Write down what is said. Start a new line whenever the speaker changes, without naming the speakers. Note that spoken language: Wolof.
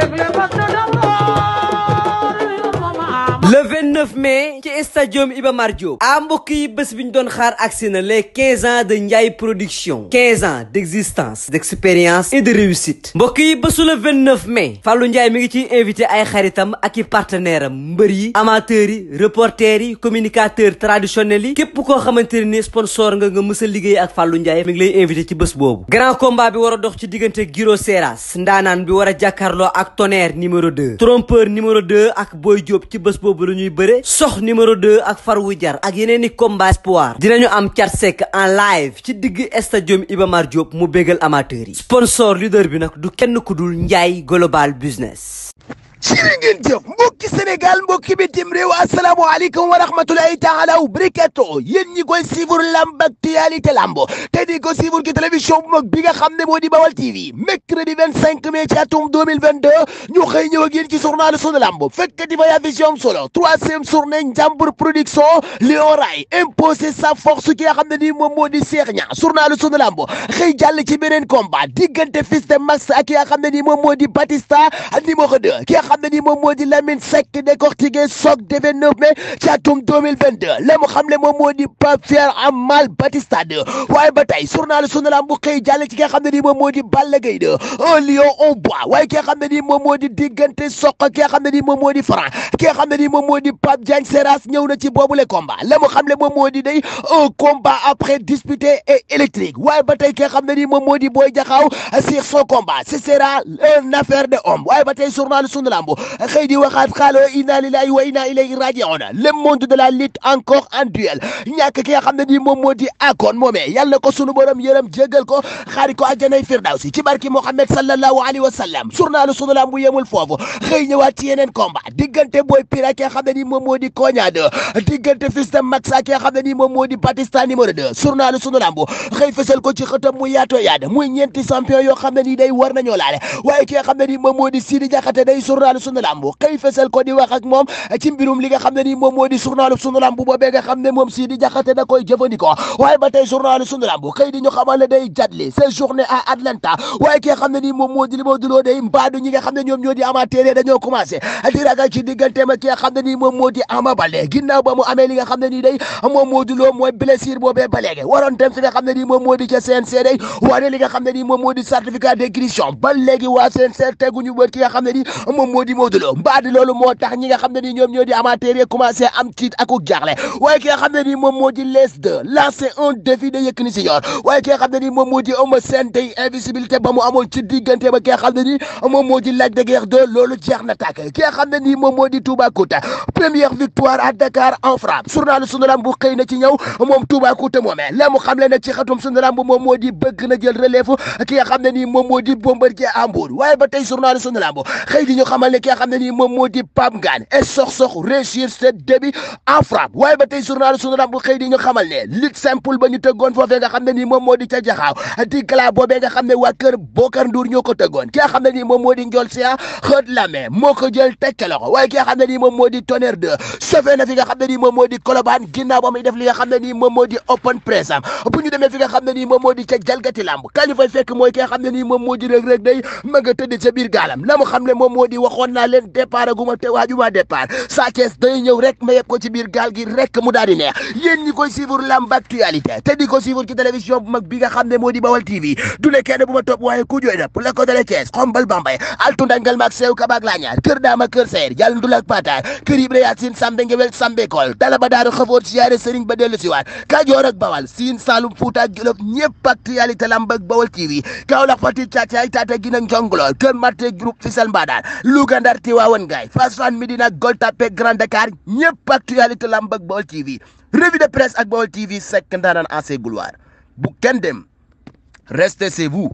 দেখলে কত 19 mai ci stadium Iba Mar Diop ah mbokk yi bés bi ñu doon xaar agsi na les 15 ans de Ndiaye production 15 de réussite mbokk yi bésu le 29 mai Fallou Ndiaye mi ngi ci invité ay xaritam ak i partenaire am mbër yi amateurs yi reporters yi communicateurs traditionnels yi képp koo xamante ni sponsor nga nga mës liggéey ak Fallou Ndiaye mi ngi lay invité ci bés boobu grand combat bi war a dox ci diggante Giro Seras ndaanaan bi war a jàkkaarloo ak Tonnerre numéro 2 trompeur numéro 2 ak Boy Diop ci bés boobu la bëri sox numéro 2 ak far farwu jar ak yeneen i combat espoir dinañu am cat sec en live ci digg stadium Iba Mar Diop mu bégal amateur yi sponsor leader bi nag du kenn ku dul Njaay
global business jërë ngeen jëf mbokki Sénégal mbokki bitim wa rahmatulahi taala wa barakaatu yéen ñi koy suivre lamb ak actualité lamb te di ko suivre ci télévision bu mag bi nga xam ne moo di Bawal TV mercredi 25 mai ci atum 2022 ñu xëy ñëw ak yéen ci journal sunu lamb fekk di fa affiche am solo troisième journée Njàmbur production Lion Ray sa force ki nga xam ne nii moom moo di Cheikh Niang journal sunu lamb xëy jàll ci beneen combat diggante fils de Max ak ne nii moom moo di Batista numéro xam na ni moom moo di Lamine Seck décortiqué soog de 29 mai ci atum xam ne moom moo di Pape Pierre Amal Batista 2 waaye ba tey journal sunu lamb bu xëy jàll ci nga xam ne ni moom moo di Balla Gaye 2 lion un bois waaye ki xam ne ni moom moo di diggante soq ki nga xam ne ni moom moo di Franc ki nga xam ne ni moom moo di Pape Diagne Seras ñëw na ci boobule combat la mu xam ne moom moo di day un combat après disputé et électrique waaye ba tey ki xam ne ni moom moo di Boy Jaxaaw sur son combat ce sera une affaire lamb xëy di waxaat xaaloo inna lillahi wa inna ilayhi raji'un le monde de la lutte encore en duel ñàkk ki nga xam ne nii moom moo ko sunu borom yërëm ko xaari ko firdawsi ci barki Muhammad sallallahu alayhi wa sallam journalu sunu yemul foofu xëy ñëwaat ci yeneen combat diggante booy pira ki nga xam ne nii moom diggante fils de maxa ki nga xam ne nii moom moo di Batista numéro 2 journalu sunu ko ci mu yaatoo yaad muy journalu sunu lamb xëy fesal ko di wax ak moom mbirum li xam ne nii moom moo di journalu boobee nga xam ne moom si di jaxate da koy jëfandikoo waaye ba tey journalu sunu di ñu xamal ne day jadli waaye ki nga xam ne di li moo duloo day mbaadu ñi nga xam di amateur ki xam ne nii moom moo Ama Baldé ginnaaw ba amee li xam ne nii day moom moo duloo mooy blessure boobee ba waroon dem fi nga xam ne nii moom moo moo di Modou Lo mbaa di loolu moo tax ñi nga xam ne ni ñoom ñoo di amateur am tiit aku jaaxle waaye ki xam ne ni moom moo di les deux lancé un défi de Yékini ni moom moo di ba mu amoon ci diggante ba ki nga xam ne ni moom moo di Lac de Guiers 2 loolu jeex na tàkk ki nga xam ne ni moom moo di Toubacouta première victoire à Dakar en frappe journal sunu lamb bu xëy na ci ñëw moom Toubacouta moomee la mu xamle nag ci xatum sunu lamb moom moo di bëgg na jël relève ki nga xam ne ni moom moo di Bombardier à Mbour jàppale ki xam ne nii moom di Pape Ngane et sox-sox réussir ce début en waaye ba tey journal sunu bu xëy di ñu xamal ne lutte simple ba ñu tëggoon foofee nga xam xam ne waa kër di Ndiol Sia xët la jël tekki loxo waaye ki xam ne nii moom di Tonnerre 2 sofee na fi nga xam ne nii moom di Colobane ginnaaw ba muy def li nga xam ne nii moom di open press am bu ñu fi nga xam ne nii moom di ca jalgati làmb kalifay fekk mooy ki xam ne nii moom di rëg-rëg day waxoon naa leen départ aguma te waajuma départ Sa Thiès day ñëw rek ma yeb ko ci biir gaal gi rek mu daal di neex yéen ñi koy te di ko suivre ci télévision bu mag bi nga xam ne moo di Bawal TV du ne bu ma topp waaye ku jooy na pour la ko dalee Thiès xombal bambay altundangal maak seew kabaak laañaar kër daama kër seer jàll ndul ak pataar kër ibra yaasin sambe ngewel sambe kool dala ba daaru xafoor siyaare sëriñ ba dellu si waat kajoor ak bawal siin saalum fuuta ak jolof ñëpp actualité lamb ak Bawal TV kaolax fati caacaay taata gi Touga Ndar Tivaouane Ngaye Fass Fann Médina Gueule Tapée Grand Dakar ñëpp actualité lamb ak Baol TV revue de presse ak Baol TV Seck Ndanane en ses gloires bu kenn dem restez chez vous